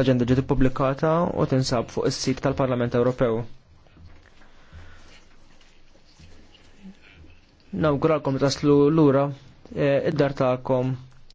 L-agenda ġiet ippubblikata u tinsab fuq is-sit tal-Parlament Ewropew. Nawguralkom taslu lura eh, id-dar ta'kom.